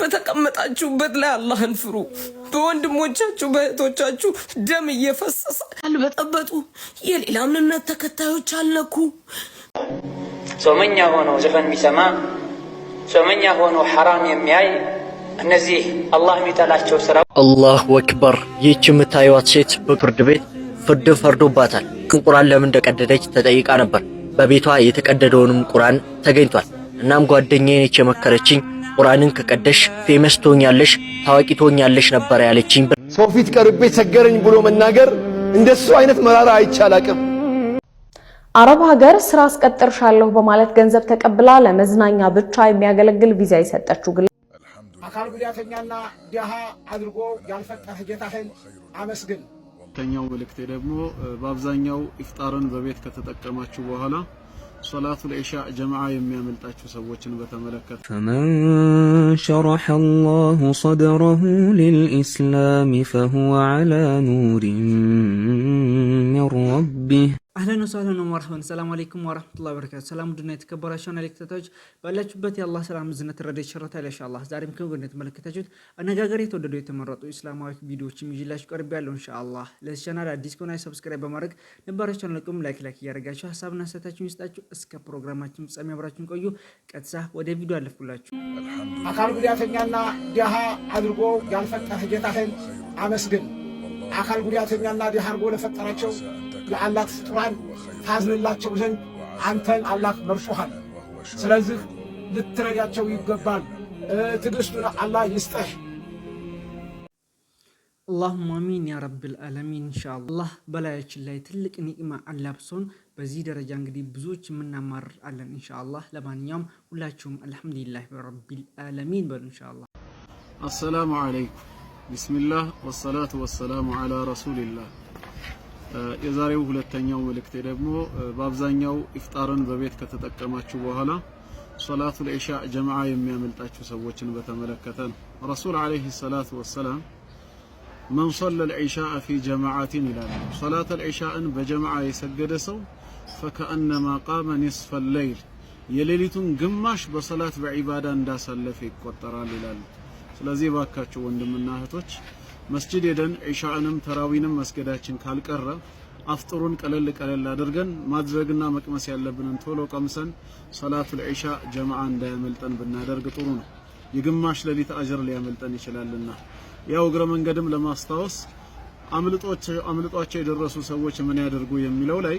በተቀመጣችሁበት ላይ አላህን ፍሩ። በወንድሞቻችሁ በእህቶቻችሁ ደም እየፈሰሰ አልበጠበጡ የሌላ እምነት ተከታዮች አልነኩ። ጾመኛ ሆኖ ዘፈን የሚሰማ ጾመኛ ሆኖ ሐራም የሚያይ እነዚህ አላህ የሚጠላቸው ስራ። አላሁ አክበር። ይህች የምታዩት ሴት በፍርድ ቤት ፍርድ ፈርዶባታል። ግን ቁርአን ለምን እንደቀደደች ተጠይቃ ነበር። በቤቷ የተቀደደውንም ቁርአን ተገኝቷል። እናም ጓደኛዬ ነች የመከረችኝ ቁርአንን ከቀደሽ ፌመስ ትሆኛለሽ፣ ታዋቂ ትሆኛለሽ ነበር ያለችኝ። ሰው ፊት ቀርቤ ቸገረኝ ብሎ መናገር እንደሱ አይነት መራራ አይቻላቅም። አረብ ሀገር ስራ አስቀጥርሻለሁ በማለት ገንዘብ ተቀብላ ለመዝናኛ ብቻ የሚያገለግል ቪዛ የሰጠችው ግለ አካል ጉዳተኛና ድሃ አድርጎ ያልፈጠረ ጌታህን አመስግን። ተኛው መልእክቴ ደግሞ በአብዛኛው ኢፍጣርን በቤት ከተጠቀማችሁ በኋላ صلاة العشاء جماعة يمي أملتاك فسوتنا بتملكة فمن شرح الله صدره للإسلام فهو على نور من ربه አህለን ወሰህለን ወመርሐበን። ሰላም አለይኩም ወራህመቱላሂ ወበረካቱ። ሰላም ድና የተከበራችሁ እና ተከታታዮች ባላችሁበት የአላህ ሰላም እዝነት ረዳ ይሸረታ ኢንሻአላህ። ዛሬም ከወገን የተመለከታችሁት አነጋገር የተወደዱ የተመረጡ እስላማዊ ቪዲዮዎችን ይዤላችሁ ቀርብ ያለው ኢንሻአላህ። ለቻናል አዲስ ከሆነ ሰብስክራይብ በማድረግ ነባራችሁን ለቁም ላይክ ላይክ እያደረጋችሁ ሀሳብና አስተያየታችሁን ይስጣችሁ። እስከ ፕሮግራማችን ፍጻሜ አብራችሁን ቆዩ። ቀጥታ ወደ ቪዲዮ አለፍኩላችሁ። አካል ጉዳተኛና ደሃ አድርጎ ያልፈጠረ ጌታህን አመስግን አካል ጉዳተኛና ድሃ አድርጎ ለፈጠራቸው የአምላክ ፍጡራን ታዝንላቸው ዘንድ አንተን አምላክ መርሶሃል። ስለዚህ ልትረዳቸው ይገባል። ትዕግሥቱን አላህ ይስጠህ። አላሁም አሚን ያ ረብል ዓለሚን። ኢንሻአላህ በላያችን ላይ ትልቅ ኒዕማ አላብሶን በዚህ ደረጃ እንግዲህ ብዙዎች የምናማርር አለን። ኢንሻአላህ ለማንኛውም ሁላችሁም አልሐምዱሊላህ ረቢል ዓለሚን በሉ። ኢንሻአላህ አሰላሙ አለይኩም ቢስሚላህ ወሰላቱ ወሰላሙ አላ ረሱሊላህ። የዛሬው ሁለተኛው መልእክቴ ደግሞ በአብዛኛው ኢፍጣርን በቤት ከተጠቀማችሁ በኋላ ሶላቱል ኢሻ ጀማዓ የሚያመልጣችሁ ሰዎችን በተመለከተ ነው። ረሱል ዓለይሂ ሰላቱ ወሰላም መን ሶለል ዒሻአ ፊ ጀማዓቲን ይላሉ። ሶላተል ዒሻእን በጀማዓ የሰገደ ሰው ፈከአነማ ቃመ ኒስፈል ለይል የሌሊቱን ግማሽ በሶላት በዒባዳ እንዳሳለፈ ይቆጠራል ይላሉ። ስለዚህ ባካችሁ ወንድምና እህቶች መስጂድ ሄደን ኢሻእንም ተራዊንም መስገዳችን ካልቀረ አፍጥሩን ቀለል ቀለል አድርገን ማድረግና መቅመስ ያለብንን ቶሎ ቀምሰን ሰላቱል ኢሻ ጀማዓ እንዳያመልጠን ብናደርግ ጥሩ ነው። የግማሽ ሌሊት አጅር ሊያመልጠን ይችላልና ያው እግረ መንገድም ለማስታወስ አምልጧቸው የደረሱ ሰዎች ምን ያደርጉ የሚለው ላይ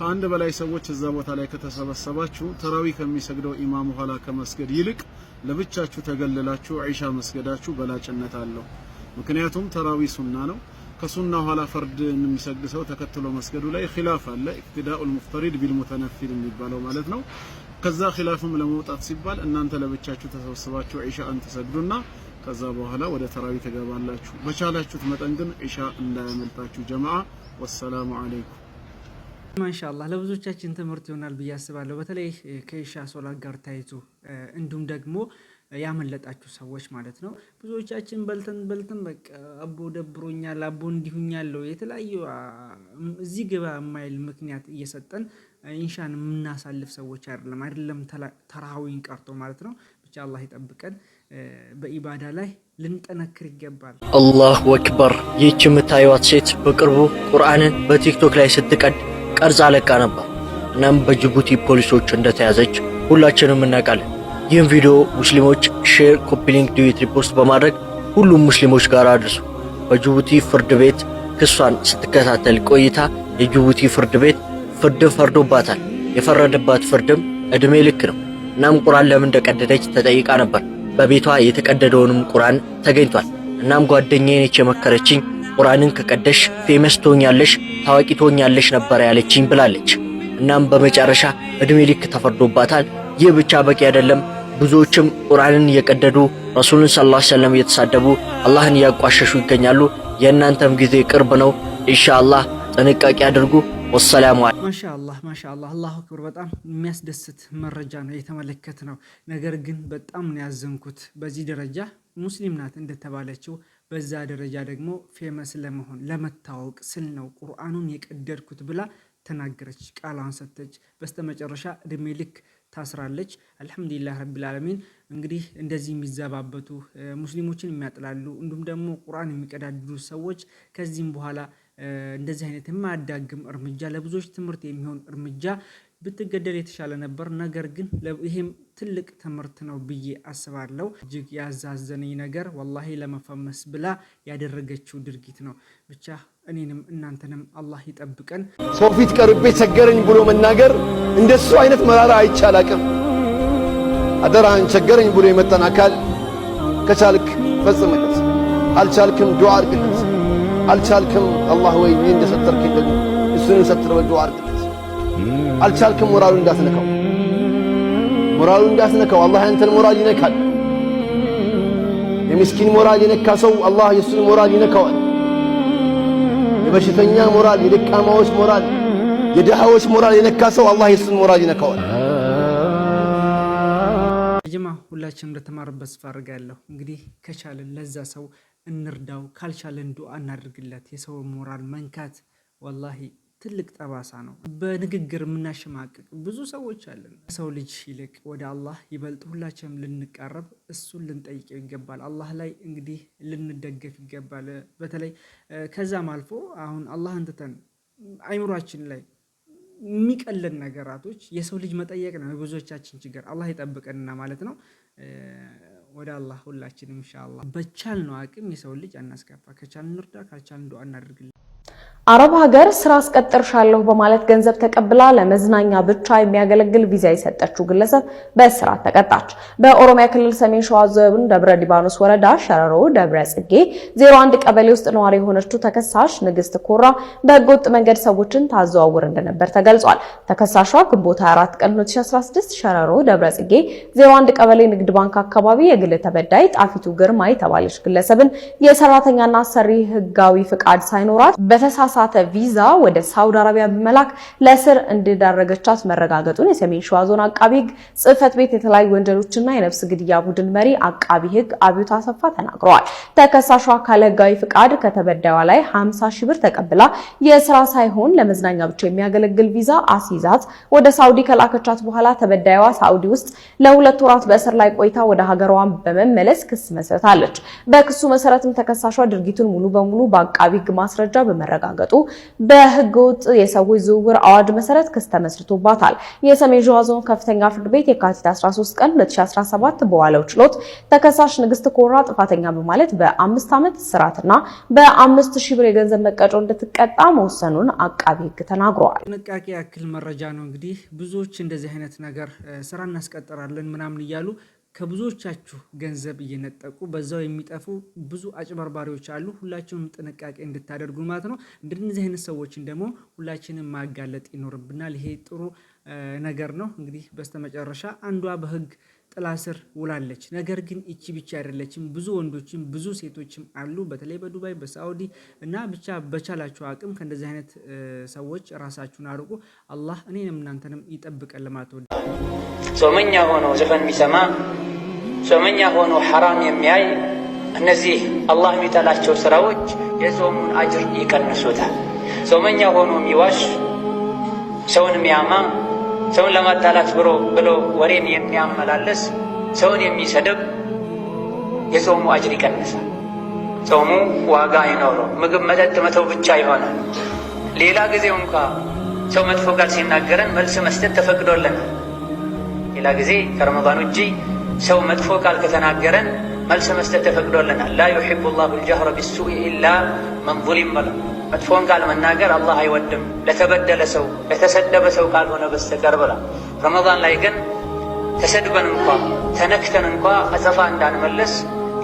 ከአንድ በላይ ሰዎች እዛ ቦታ ላይ ከተሰበሰባችሁ ተራዊ ከሚሰግደው ኢማሙ ኋላ ከመስገድ ይልቅ ለብቻችሁ ተገልላችሁ ዒሻ መስገዳችሁ በላጭነት አለው። ምክንያቱም ተራዊ ሱና ነው። ከሱና ኋላ ፈርድ የሚሰግድ ሰው ተከትሎ መስገዱ ላይ ኺላፍ አለ። ኢቅቲዳኡል ሙፍተሪድ ቢልሙተነፊል የሚባለው ማለት ነው። ከዛ ኺላፍም ለመውጣት ሲባል እናንተ ለብቻችሁ ተሰብስባችሁ ዒሻ እንትሰግዱና ከዛ በኋላ ወደ ተራዊ ትገባላችሁ። በቻላችሁት መጠን ግን ዒሻ እንዳያመልጣችሁ ጀማዓ። ወሰላሙ አለይኩም ማሻላ ለብዙዎቻችን ትምህርት ይሆናል ብዬ አስባለሁ። በተለይ ከኢሻ ሶላት ጋር ታይቶ እንዲሁም ደግሞ ያመለጣችሁ ሰዎች ማለት ነው። ብዙዎቻችን በልተን በልተን በቃ አቦ ደብሮኛል፣ አቦ እንዲሁኛለው የተለያዩ እዚህ ግባ የማይል ምክንያት እየሰጠን ኢንሻን የምናሳልፍ ሰዎች አይደለም አይደለም ተራዊን ቀርቶ ማለት ነው። ብቻ አላህ ይጠብቀን። በኢባዳ ላይ ልንጠነክር ይገባል። አላሁ አክበር። ይህች የምታዩት ሴት በቅርቡ ቁርአንን በቲክቶክ ላይ ስትቀድ ቀርጻ አለቃ ነበር። እናም በጅቡቲ ፖሊሶች እንደተያዘች ሁላችንም እናውቃለን። ይህም ቪዲዮ ሙስሊሞች ሼር፣ ኮፒሊንክ፣ ዲዩት፣ ሪፖስት በማድረግ ሁሉም ሙስሊሞች ጋር አድርሱ። በጅቡቲ ፍርድ ቤት ክሷን ስትከታተል ቆይታ የጅቡቲ ፍርድ ቤት ፍርድ ፈርዶባታል። የፈረደባት ፍርድም እድሜ ልክ ነው። እናም ቁራን ለምን እንደቀደደች ተጠይቃ ነበር። በቤቷ የተቀደደውንም ቁራን ተገኝቷል። እናም ጓደኛዬ ነች የመከረችኝ ቁርአንን ከቀደሽ ፌመስ ትሆኛለሽ፣ ታዋቂ ትሆኛለሽ ነበር ያለችኝ ብላለች። እናም በመጨረሻ እድሜ ልክ ተፈርዶባታል። ይህ ብቻ በቂ አይደለም። ብዙዎችም ቁርአንን እየቀደዱ ረሱልን ሰለላሁ ዐለይሂ ወሰለም እየተሳደቡ አላህን እያቋሸሹ ይገኛሉ። የእናንተም ጊዜ ቅርብ ነው። ኢንሻአላህ ጥንቃቄ አድርጉ። ወሰላሙ አለ ማሻአላህ ማሻአላህ አላሁ አክበር። በጣም የሚያስደስት መረጃ ነው የተመለከት ነው። ነገር ግን በጣም ነው ያዘንኩት። በዚህ ደረጃ ሙስሊም ናት እንደተባለችው በዛ ደረጃ ደግሞ ፌመስ ለመሆን ለመታወቅ ስል ነው ቁርአኑን የቀደድኩት ብላ ተናገረች፣ ቃሏን ሰተች። በስተመጨረሻ እድሜ ልክ ታስራለች። አልሐምዱሊላህ ረቢል እንግዲህ እንደዚህ የሚዘባበቱ ሙስሊሞችን የሚያጥላሉ እንዲሁም ደግሞ ቁርአን የሚቀዳድዱ ሰዎች ከዚህም በኋላ እንደዚህ አይነት የማያዳግም እርምጃ ለብዙዎች ትምህርት የሚሆን እርምጃ ብትገደል የተሻለ ነበር። ነገር ግን ይሄም ትልቅ ትምህርት ነው ብዬ አስባለሁ። እጅግ ያዛዘነኝ ነገር ወላሂ ለመፈመስ ብላ ያደረገችው ድርጊት ነው። ብቻ እኔንም እናንተንም አላህ ይጠብቀን። ሰው ፊት ቀርቤ ቸገረኝ ብሎ መናገር እንደሱ አይነት መራራ አይቻላቅም። አደራህን ቸገረኝ ብሎ የመጣን አካል ከቻልክ ፈጽምለት፣ አልቻልክም ዱዓ አድርግለት። አልቻልክም አላህ ወይ እንደሰተርክ ደግሞ እሱን ሰትር በዱዓ አድርግለት። አልቻልክም። ሞራሉ እንዳትነካው፣ ሞራሉ እንዳትነካው። አላህ ያንተን ሞራል ይነካል። የምስኪን ሞራል የነካ ሰው አላህ የሱን ሞራል ይነካዋል። የበሽተኛ ሞራል፣ የደቃማዎች ሞራል፣ የድሃዎች ሞራል የነካ ሰው አላህ የሱን ሞራል ይነካዋል። ጅማ ሁላችን እንደተማርበት ስፋ አድርጋለሁ። እንግዲህ ከቻለን ለዛ ሰው እንርዳው፣ ካልቻለን ዱዓ እናድርግለት። የሰው ሞራል መንካት ወላሂ ትልቅ ጠባሳ ነው። በንግግር የምናሸማቅቅ ብዙ ሰዎች አለን። ሰው ልጅ ይልቅ ወደ አላህ ይበልጥ ሁላችንም ልንቃረብ እሱን ልንጠይቀው ይገባል። አላህ ላይ እንግዲህ ልንደገፍ ይገባል። በተለይ ከዛም አልፎ አሁን አላህን ትተን አይምሯችን ላይ የሚቀለን ነገራቶች የሰው ልጅ መጠየቅ ነው የብዙዎቻችን ችግር። አላህ ይጠብቀንና ማለት ነው ወደ አላህ ሁላችንም ኢንሻአላህ በቻልነው አቅም የሰው ልጅ አናስከፋ። ከቻልን እንርዳ፣ ካልቻልን ዱዓ እናደርግለን። አረብ ሀገር ስራ አስቀጥርሻለሁ በማለት ገንዘብ ተቀብላ ለመዝናኛ ብቻ የሚያገለግል ቪዛ የሰጠችው ግለሰብ በእስራት ተቀጣች። በኦሮሚያ ክልል ሰሜን ሸዋ ዞን ደብረ ሊባኖስ ወረዳ ሸረሮ ደብረ ጽጌ 01 ቀበሌ ውስጥ ነዋሪ የሆነችው ተከሳሽ ንግስት ኮራ በህገወጥ መንገድ ሰዎችን ታዘዋውር እንደነበር ተገልጿል። ተከሳሿ ግንቦት 24 ቀን 2016 ሸረሮ ደብረ ጽጌ 01 ቀበሌ ንግድ ባንክ አካባቢ የግል ተበዳይ ጣፊቱ ግርማ የተባለች ግለሰብን የሰራተኛና ሰሪ ህጋዊ ፍቃድ ሳይኖራት በተሳሳ በተሳሳተ ቪዛ ወደ ሳውዲ አረቢያ በመላክ ለእስር እንደዳረገቻት መረጋገጡን የሰሜን ሸዋ ዞን አቃቢ ህግ ጽህፈት ቤት የተለያዩ ወንጀሎችና የነፍስ ግድያ ቡድን መሪ አቃቢ ህግ አብዮት አሰፋ ተናግረዋል። ተከሳሿ ካለ ህጋዊ ፍቃድ ከተበዳዩ ላይ 50 ሺህ ብር ተቀብላ የስራ ሳይሆን ለመዝናኛ ብቻ የሚያገለግል ቪዛ አስይዛት ወደ ሳውዲ ከላከቻት በኋላ ተበዳዩዋ ሳውዲ ውስጥ ለሁለት ወራት በእስር ላይ ቆይታ ወደ ሀገሯን በመመለስ ክስ መስርታለች። በክሱ መሰረትም ተከሳሿ ድርጊቱን ሙሉ በሙሉ በአቃቢ ህግ ማስረጃ በመረጋገጡ ሲወጡ በህገወጥ የሰዎች ዝውውር አዋጅ መሰረት ክስ ተመስርቶባታል። የሰሜን ሸዋ ዞን ከፍተኛ ፍርድ ቤት የካቲት 13 ቀን 2017 በዋለው ችሎት ተከሳሽ ንግስት ኮራ ጥፋተኛ በማለት በአምስት ዓመት እስራትና በአምስት ሺህ ብር የገንዘብ መቀጮ እንድትቀጣ መወሰኑን አቃቢ ህግ ተናግረዋል። ጥንቃቄ ያክል መረጃ ነው እንግዲህ ብዙዎች እንደዚህ አይነት ነገር ስራ እናስቀጥራለን ምናምን እያሉ ከብዙዎቻችሁ ገንዘብ እየነጠቁ በዛው የሚጠፉ ብዙ አጭበርባሪዎች አሉ። ሁላችሁም ጥንቃቄ እንድታደርጉ ማለት ነው። እንደነዚህ አይነት ሰዎችን ደግሞ ሁላችንም ማጋለጥ ይኖርብናል። ይሄ ጥሩ ነገር ነው። እንግዲህ በስተመጨረሻ አንዷ በህግ ጥላ ስር ውላለች። ነገር ግን እቺ ብቻ አይደለችም። ብዙ ወንዶችም ብዙ ሴቶችም አሉ፣ በተለይ በዱባይ በሳውዲ እና ብቻ በቻላችሁ አቅም ከእንደዚህ አይነት ሰዎች ራሳችሁን አርቁ። አላህ እኔንም እናንተንም ይጠብቀን። ለማለት ወደ ጾመኛ ሆኖ ዘፈን የሚሰማ ጾመኛ ሆኖ ሐራም የሚያይ እነዚህ አላህ የሚጠላቸው ስራዎች የጾሙን አጅር ይቀንሱታል። ጾመኛ ሆኖ የሚዋሽ ሰውን የሚያማ ሰውን ለማጣላት ብሎ ብሎ ወሬን የሚያመላለስ ሰውን የሚሰደብ የጾሙ አጅር ይቀንሳል። ጾሙ ዋጋ አይኖረው። ምግብ መጠጥ መተው ብቻ ይሆናል። ሌላ ጊዜው እንኳ ሰው መጥፎ ቃል ሲናገረን መልስ መስጠት ተፈቅዶልናል። ሌላ ጊዜ ከረመዳን ውጪ ሰው መጥፎ ቃል ከተናገረን መልስ መስጠት ተፈቅዶለናል። ላ ዩሕቡ ላሁ ልጃህረ ቢሱኢ ኢላ መን ظሊም መጥፎን ቃል መናገር አላህ አይወድም ለተበደለ ሰው ለተሰደበ ሰው ካልሆነ በስተቀር ብላ። ረመዳን ላይ ግን ተሰድበን እንኳ ተነክተን እንኳ አጸፋ እንዳንመለስ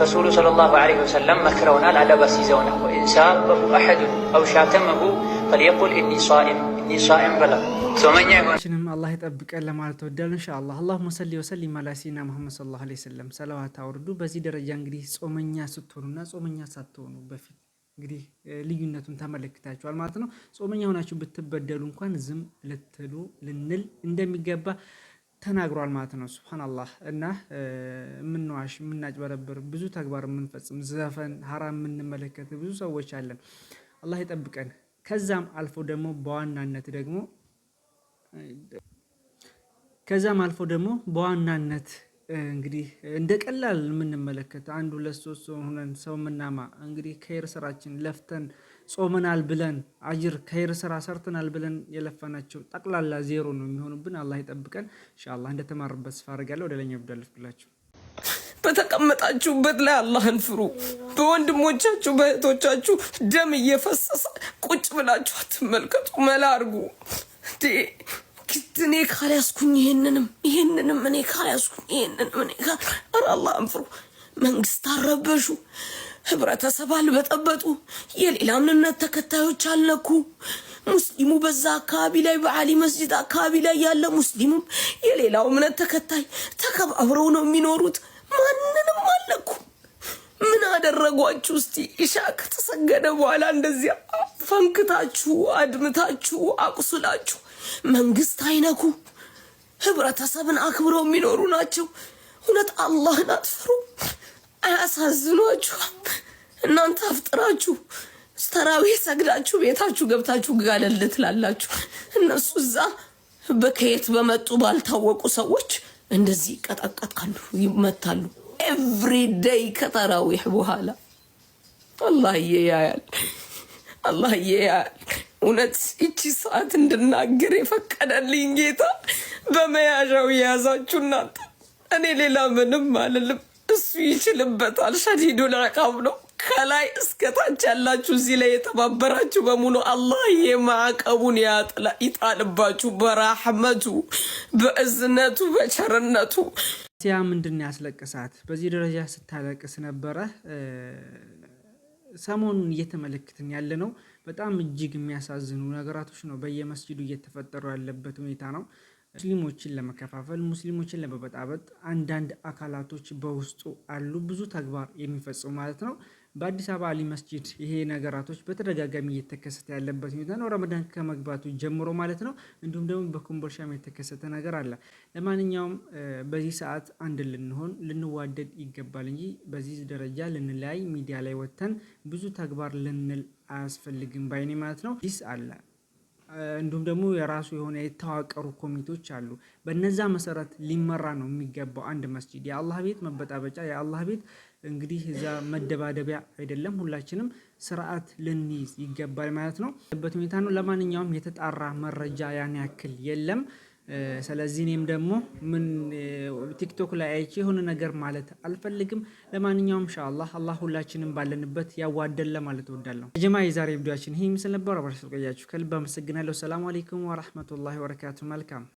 ረሱሉ ሰለላሁ ዐለይሂ ወሰለም መክረውናል፣ አደባስ ይዘውናል። ወኢንሳበሁ አሐዱን አው ሻተመሁ ፈልየቁል ኢኒ ሷኢም ኢኒ ሷኢም ብላ ችንም አላህ ይጠብቀን ለማለት ወዳሉ ኢንሻአላህ። አላሁመ ሰሊ ወሰሊም አላ ሲና ሙሐመድ ሰለላሁ ዐለይሂ ወሰለም ሰለዋት አውርዱ። በዚህ ደረጃ እንግዲህ ጾመኛ ስትሆኑና ጾመኛ ሳትሆኑ በፊት እንግዲህ ልዩነቱን ተመለክታችኋል ማለት ነው። ጾመኛ ሆናችሁ ብትበደሉ እንኳን ዝም ልትሉ ልንል እንደሚገባ ተናግሯል ማለት ነው። ሱብሃናላህ እና የምንዋሽ የምናጭበረብር፣ ብዙ ተግባር የምንፈጽም፣ ዘፈን ሀራም የምንመለከት ብዙ ሰዎች አለን። አላህ ይጠብቀን። ከዛም አልፎ ደግሞ በዋናነት ደግሞ ከዛም አልፎ ደግሞ በዋናነት እንግዲህ እንደ ቀላል የምንመለከት አንድ ሁለት ሶስት ሰው ሆነን ሰው ምናማ እንግዲህ ከይር ስራችን ለፍተን ጾመናል ብለን አጅር ከይር ስራ ሰርተናል ብለን የለፈናቸው ጠቅላላ ዜሮ ነው የሚሆኑብን። አላህ ይጠብቀን እንሻላ። እንደተማርበት ስፋ አድርጋለሁ። ወደ ብዳለፍ ብዳለፍላችሁ። በተቀመጣችሁበት ላይ አላህን ፍሩ። በወንድሞቻችሁ በእህቶቻችሁ ደም እየፈሰሰ ቁጭ ብላችሁ አትመልከቱ። መላ እኔ ካልያዝኩኝ ይህንንም ይህንንም እኔ ካልያዝኩኝ ይህንንም እኔ ካል ኧረ አላህን መንግስት አረበሹ፣ ህብረተሰብ አልበጠበጡ፣ የሌላ እምነት ተከታዮች አልነኩ። ሙስሊሙ በዛ አካባቢ ላይ በአሊ መስጂድ አካባቢ ላይ ያለ ሙስሊሙም የሌላው እምነት ተከታይ ተከባብረው ነው የሚኖሩት። ማንንም አልነኩ። ምን አደረጓችሁ? እስቲ ኢሻ ከተሰገደ በኋላ እንደዚያ ፈንክታችሁ አድምታችሁ አቁስላችሁ መንግስት አይነኩ፣ ህብረተሰብን አክብረው የሚኖሩ ናቸው። እውነት አላህን አትፈሩ? አያሳዝኗችሁ? እናንተ አፍጥራችሁ ተራዊህ ሰግዳችሁ ቤታችሁ ገብታችሁ ጋለል ትላላችሁ። እነሱ እዛ በከየት በመጡ ባልታወቁ ሰዎች እንደዚህ ይቀጠቀጣሉ፣ ይመታሉ። ኤቭሪ ደይ ከተራዊህ በኋላ አላህዬ ያያል፣ አላህዬ ያያል። እውነት ይቺ ሰዓት እንድናገር የፈቀደልኝ ጌታ በመያዣው የያዛችሁ እናንተ። እኔ ሌላ ምንም አልልም፣ እሱ ይችልበታል። ሸዲዱ ልዕቃብ ነው። ከላይ እስከታች ያላችሁ እዚህ ላይ የተባበራችሁ በሙሉ አላህ የማዕቀቡን ይጣልባችሁ በራህመቱ በእዝነቱ በቸርነቱ። ያ ምንድን ያስለቅሳት በዚህ ደረጃ ስታለቅስ ነበረ። ሰሞኑን እየተመለክትን ያለ ነው። በጣም እጅግ የሚያሳዝኑ ነገራቶች ነው በየመስጂዱ እየተፈጠሩ ያለበት ሁኔታ ነው። ሙስሊሞችን ለመከፋፈል ሙስሊሞችን ለመበጣበጥ አንዳንድ አካላቶች በውስጡ አሉ፣ ብዙ ተግባር የሚፈጽሙ ማለት ነው። በአዲስ አበባ አሊ መስጂድ ይሄ ነገራቶች በተደጋጋሚ እየተከሰተ ያለበት ሁኔታ ነው፣ ረመዳን ከመግባቱ ጀምሮ ማለት ነው። እንዲሁም ደግሞ በኮምቦልቻም የተከሰተ ነገር አለ። ለማንኛውም በዚህ ሰዓት አንድ ልንሆን ልንዋደድ ይገባል እንጂ በዚህ ደረጃ ልንለያይ ሚዲያ ላይ ወጥተን ብዙ ተግባር ልንል አያስፈልግም ባይኔ ማለት ነው። ዲስ አለ እንዲሁም ደግሞ የራሱ የሆነ የተዋቀሩ ኮሚቴዎች አሉ። በነዛ መሰረት ሊመራ ነው የሚገባው አንድ መስጂድ። የአላህ ቤት መበጣበጫ፣ የአላህ ቤት እንግዲህ እዛ መደባደቢያ አይደለም። ሁላችንም ስርዓት ልንይዝ ይገባል ማለት ነው በት ሁኔታ ነው። ለማንኛውም የተጣራ መረጃ ያን ያክል የለም። ስለዚህ እኔም ደግሞ ምን ቲክቶክ ላይ አይቼ የሆነ ነገር ማለት አልፈልግም። ለማንኛውም ኢንሻአላህ አላህ ሁላችንም ባለንበት ያዋደን ለማለት እወዳለሁ። የጀማ የዛሬ ቪዲዮችን ይህ ምስል ነበር። አብራችሁ ስለቆያችሁ ከልብ አመሰግናለሁ። ሰላም አለይኩም ወራህመቱላሂ ወበረካቱ። መልካም